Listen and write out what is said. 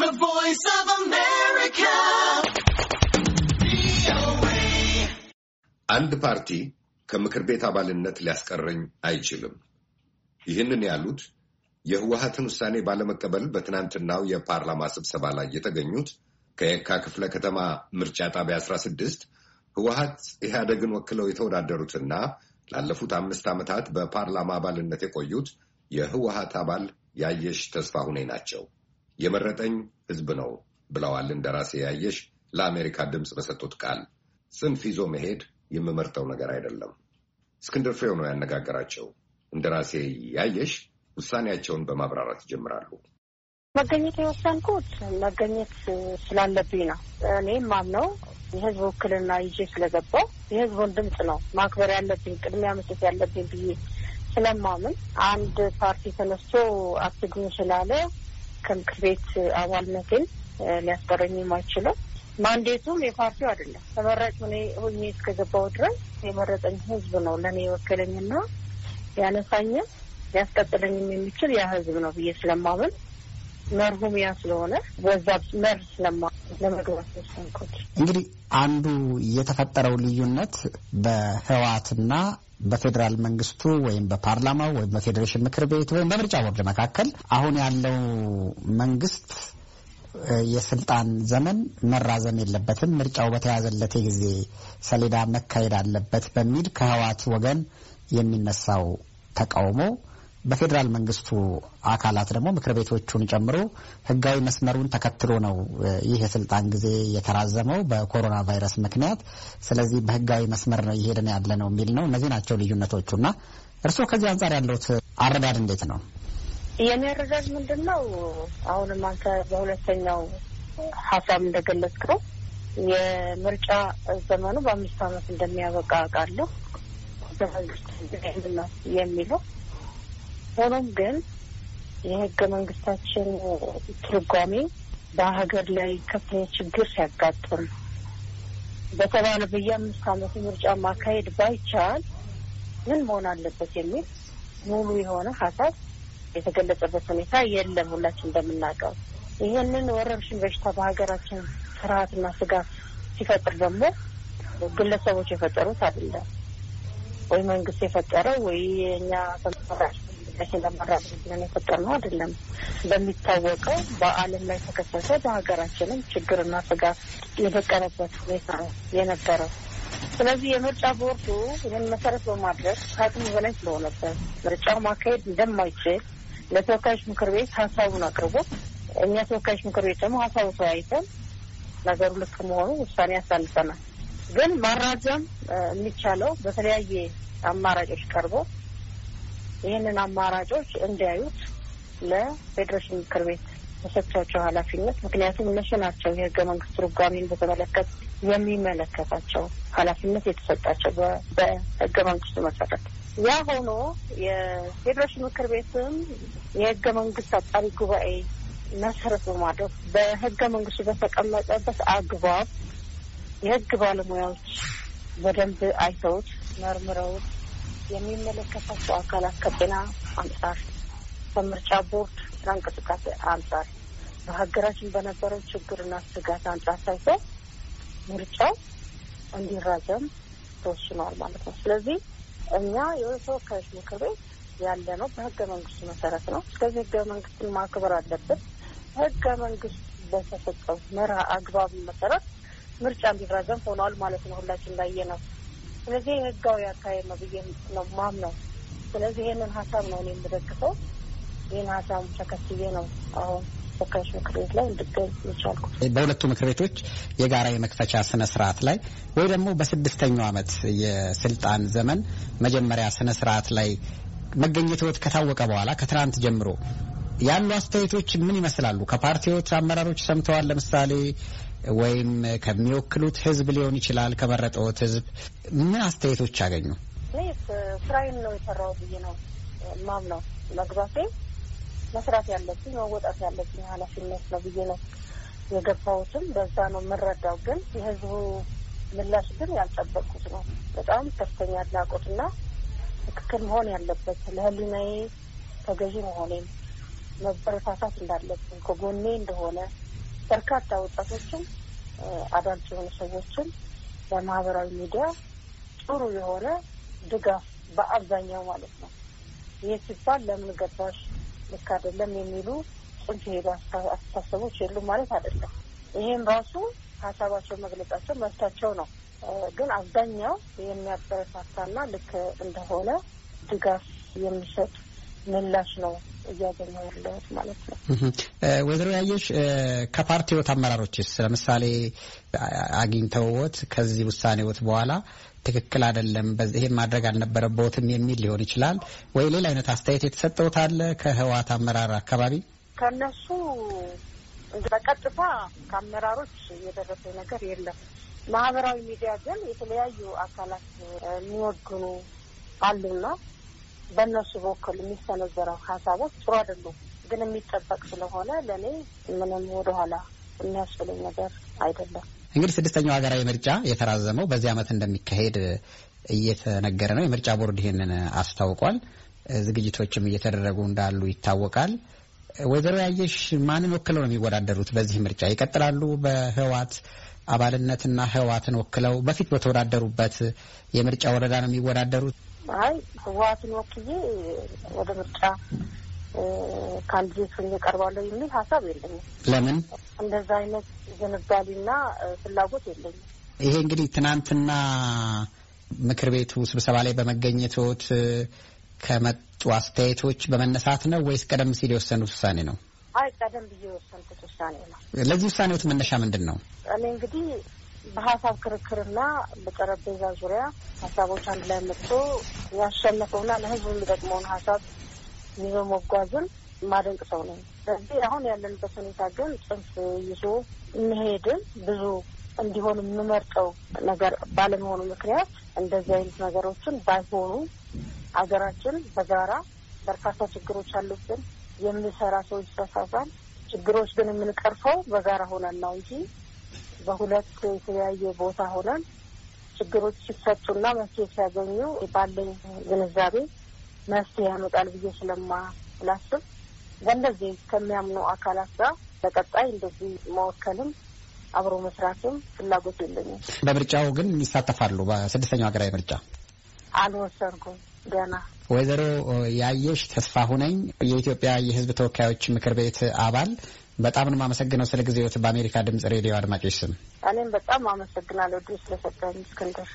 The Voice of America. አንድ ፓርቲ ከምክር ቤት አባልነት ሊያስቀረኝ አይችልም። ይህንን ያሉት የህወሀትን ውሳኔ ባለመቀበል በትናንትናው የፓርላማ ስብሰባ ላይ የተገኙት ከየካ ክፍለ ከተማ ምርጫ ጣቢያ 16 ህወሀት ኢህአደግን ወክለው የተወዳደሩትና ላለፉት አምስት ዓመታት በፓርላማ አባልነት የቆዩት የህወሀት አባል ያየሽ ተስፋ ሁኔ ናቸው። የመረጠኝ ህዝብ ነው ብለዋል እንደራሴ ያየሽ ለአሜሪካ ድምፅ በሰጡት ቃል። ጽንፍ ይዞ መሄድ የምመርጠው ነገር አይደለም። እስክንድር ፍሬው ነው ያነጋገራቸው። እንደራሴ ያየሽ ውሳኔያቸውን በማብራራት ይጀምራሉ። መገኘት የወሰንኩት መገኘት ስላለብኝ ነው። እኔም ማምነው የህዝብ ውክልና ይዤ ስለገባው የህዝቡን ድምፅ ነው ማክበር ያለብኝ ቅድሚያ መስጠት ያለብኝ ብዬ ስለማምን አንድ ፓርቲ ተነስቶ አትግኙ ስላለ ከምክር ቤት አባልነቴን ሊያስቀረኝ የማይችለው ማንዴቱም የፓርቲው አይደለም። ተመራጭ ሆኔ ሆኜ እስከገባው ድረስ የመረጠኝ ህዝብ ነው ለእኔ የወከለኝና ያነሳኝም ሊያስቀጥለኝም የሚችል ያ ህዝብ ነው ብዬ ስለማምን መርሁም ያ ስለሆነ በዛ መርህ ስለማ ለመግባት እንግዲህ አንዱ የተፈጠረው ልዩነት በህወሓትና በፌዴራል መንግስቱ ወይም በፓርላማው ወይም በፌዴሬሽን ምክር ቤት ወይም በምርጫ ቦርድ መካከል አሁን ያለው መንግስት የስልጣን ዘመን መራዘም የለበትም፣ ምርጫው በተያዘለት የጊዜ ሰሌዳ መካሄድ አለበት በሚል ከህወሓት ወገን የሚነሳው ተቃውሞ በፌዴራል መንግስቱ አካላት ደግሞ ምክር ቤቶቹን ጨምሮ ህጋዊ መስመሩን ተከትሎ ነው ይህ የስልጣን ጊዜ የተራዘመው በኮሮና ቫይረስ ምክንያት። ስለዚህ በህጋዊ መስመር ነው እየሄድን ያለ ነው የሚል ነው። እነዚህ ናቸው እና እርስዎ ከዚህ አንጻር ያለውት አረዳድ እንዴት ነው? የኔ አረዳድ ምንድን ነው? አሁንም አንተ በሁለተኛው ሀሳብ እንደገለጽከው የምርጫ ዘመኑ በአምስት አመት እንደሚያበቃ አውቃለሁ። በመንግስት ነው የሚለው ሆኖም ግን የህገ መንግስታችን ትርጓሜ በሀገር ላይ ከፍተኛ ችግር ሲያጋጥም በተባለ በየአምስት ዓመቱ ምርጫ ማካሄድ ባይቻል ምን መሆን አለበት የሚል ሙሉ የሆነ ሀሳብ የተገለጸበት ሁኔታ የለም። ሁላችን እንደምናውቀው ይህንን ወረርሽኝ በሽታ በሀገራችን ፍርሃትና ስጋት ሲፈጥር ደግሞ ግለሰቦች የፈጠሩት አይደለም ወይ መንግስት የፈጠረው ወይ የእኛ ተመራሽ ራሳችን ለማራብ ነው የፈጠርነው አይደለም። በሚታወቀው በዓለም ላይ ተከሰተ፣ በሀገራችንም ችግርና ስጋት የበቀረበት ሁኔታ ነው የነበረው። ስለዚህ የምርጫ ቦርዱ ይህን መሰረት በማድረግ ከአቅሙ በላይ ስለሆነበት ምርጫው ማካሄድ እንደማይችል ለተወካዮች ምክር ቤት ሀሳቡን አቅርቦ እኛ ተወካዮች ምክር ቤት ደግሞ ሀሳቡ ተወያይተን ነገሩ ልክ መሆኑ ውሳኔ ያሳልፈናል። ግን ማራዘም የሚቻለው በተለያየ አማራጮች ቀርቦ ይህንን አማራጮች እንዲያዩት ለፌዴሬሽን ምክር ቤት በሰጥቷቸው ኃላፊነት ምክንያቱም እነሱ ናቸው የህገ መንግስት ትርጓሜን በተመለከት የሚመለከታቸው ኃላፊነት የተሰጣቸው በህገ መንግስቱ መሰረት። ያ ሆኖ የፌዴሬሽን ምክር ቤትም የህገ መንግስት አጣሪ ጉባኤ መሰረት በማድረግ በህገ መንግስቱ በተቀመጠበት አግባብ የህግ ባለሙያዎች በደንብ አይተውት መርምረውት የሚመለከታቸው አካላት ከጤና አንጻር፣ ከምርጫ ቦርድ ስራ እንቅስቃሴ አንጻር፣ በሀገራችን በነበረው ችግርና ስጋት አንጻር ሳይቶ ምርጫው እንዲራዘም ተወስኗል ማለት ነው። ስለዚህ እኛ የተወካዮች ምክር ቤት ያለ ነው በህገ መንግስቱ መሰረት ነው። ስለዚህ ህገ መንግስትን ማክበር አለብን። ህገ መንግስት በተሰጠው መርህ አግባብ መሰረት ምርጫ እንዲራዘም ሆኗል ማለት ነው። ሁላችን ላየ ነው ስለዚህ ህጋዊ አካሄድ ነው ብዬ ነው ማምነው። ስለዚህ ይህንን ሀሳብ ነው እኔ የምደግፈው። ይህን ሀሳብ ተከትዬ ነው አሁን ተወካዮች ምክር ቤት ላይ እንድገኝ የቻልኩት። በሁለቱ ምክር ቤቶች የጋራ የመክፈቻ ስነ ስርዓት ላይ ወይ ደግሞ በስድስተኛው አመት የስልጣን ዘመን መጀመሪያ ስነ ስርዓት ላይ መገኘት ህይወት ከታወቀ በኋላ ከትናንት ጀምሮ ያሉ አስተያየቶች ምን ይመስላሉ? ከፓርቲዎች አመራሮች ሰምተዋል። ለምሳሌ ወይም ከሚወክሉት ህዝብ ሊሆን ይችላል። ከመረጠውት ህዝብ ምን አስተያየቶች አገኙ? እኔ ስራዬን ነው የሰራው ብዬ ነው ማም ነው መግባቴ መስራት ያለብኝ መወጣት ያለብኝ ኃላፊነት ነው ብዬ ነው የገባሁትም በዛ ነው የምንረዳው። ግን የህዝቡ ምላሽ ግን ያልጠበቁት ነው። በጣም ከፍተኛ አድናቆትና ትክክል መሆን ያለበት ለህሊናዬ ተገዢ መሆኔም መበረታታት እንዳለብን ከጎኔ እንደሆነ በርካታ ወጣቶችን አዳልት የሆኑ ሰዎችን በማህበራዊ ሚዲያ ጥሩ የሆነ ድጋፍ በአብዛኛው ማለት ነው። ይህ ሲባል ለምን ገባሽ ልክ አይደለም የሚሉ ጽንፍ የሄዱ አስተሳሰቦች የሉም ማለት አይደለም። ይህም ራሱ ሀሳባቸው መግለጻቸው መብታቸው ነው። ግን አብዛኛው የሚያበረታታና ልክ እንደሆነ ድጋፍ የሚሰጥ ምላሽ ነው እያገኘ ያለሁት ማለት ነው። ወይዘሮ ያየሽ ከፓርቲዎት አመራሮችስ ለምሳሌ አግኝተውዎት ከዚህ ውሳኔዎት በኋላ ትክክል አይደለም፣ ይሄን ማድረግ አልነበረበትም የሚል ሊሆን ይችላል ወይ ሌላ አይነት አስተያየት የተሰጠውት አለ? ከህወሓት አመራር አካባቢ ከእነሱ በቀጥታ ከአመራሮች የደረሰ ነገር የለም። ማህበራዊ ሚዲያ ግን የተለያዩ አካላት የሚወግኑ አሉና በእነሱ በኩል የሚሰነዘረው ሀሳቦች ጥሩ አይደሉም፣ ግን የሚጠበቅ ስለሆነ ለእኔ ምንም ወደኋላ የሚያስብለኝ ነገር አይደለም። እንግዲህ ስድስተኛው ሀገራዊ ምርጫ የተራዘመው በዚህ ዓመት እንደሚካሄድ እየተነገረ ነው። የምርጫ ቦርድ ይህንን አስታውቋል። ዝግጅቶችም እየተደረጉ እንዳሉ ይታወቃል። ወይዘሮ ያየሽ ማንን ወክለው ነው የሚወዳደሩት በዚህ ምርጫ? ይቀጥላሉ በህወሓት አባልነትና ህወሓትን ወክለው በፊት በተወዳደሩበት የምርጫ ወረዳ ነው የሚወዳደሩት? አይ ህወሀትን ወክዬ ወደ ምርጫ ካንዲዴት ሆኜ እቀርባለሁ የሚል ሀሳብ የለኝም። ለምን እንደዛ አይነት ዝንባሌና ፍላጎት የለኝም። ይሄ እንግዲህ ትናንትና ምክር ቤቱ ስብሰባ ላይ በመገኘቶት ከመጡ አስተያየቶች በመነሳት ነው ወይስ ቀደም ሲል የወሰኑት ውሳኔ ነው? አይ ቀደም ብዬ የወሰንኩት ውሳኔ ነው። ለዚህ ውሳኔዎት መነሻ ምንድን ነው? እኔ እንግዲህ በሀሳብ ክርክርና በጠረጴዛ ዙሪያ ሀሳቦች አንድ ላይ መጥቶ ያሸነፈውና ለህዝቡ የሚጠቅመውን ሀሳብ ይዞ መጓዝን ማደንቅ ሰው ነኝ። ስለዚህ አሁን ያለንበት ሁኔታ ግን ጽንፍ ይዞ መሄድን ብዙ እንዲሆን የምመርጠው ነገር ባለመሆኑ ምክንያት እንደዚህ አይነት ነገሮችን ባይሆኑ አገራችን በጋራ በርካታ ችግሮች አሉብን። የሚሰራ ሰው ይሳሳሳል። ችግሮች ግን የምንቀርፈው በጋራ ሆነን ነው እንጂ በሁለት የተለያየ ቦታ ሆነን ችግሮች ሲፈቱና መፍትሄ ሲያገኙ ባለኝ ግንዛቤ መፍትሄ ያመጣል ብዬ ስለማላስብ በእንደዚህ ከሚያምኑ አካላት ጋር በቀጣይ እንደዚህ መወከልም አብሮ መስራትም ፍላጎት የለኝም። በምርጫው ግን ይሳተፋሉ። በስድስተኛው ሀገራዊ ምርጫ አልወሰንኩም ገና። ወይዘሮ ያየሽ ተስፋ ሁነኝ የኢትዮጵያ የሕዝብ ተወካዮች ምክር ቤት አባል በጣም ነው የማመሰግነው ስለ ጊዜዎት በአሜሪካ ድምጽ ሬዲዮ አድማጮች ስም። እኔም በጣም አመሰግናለሁ እድል ስለሰጠኝ እስክንድር።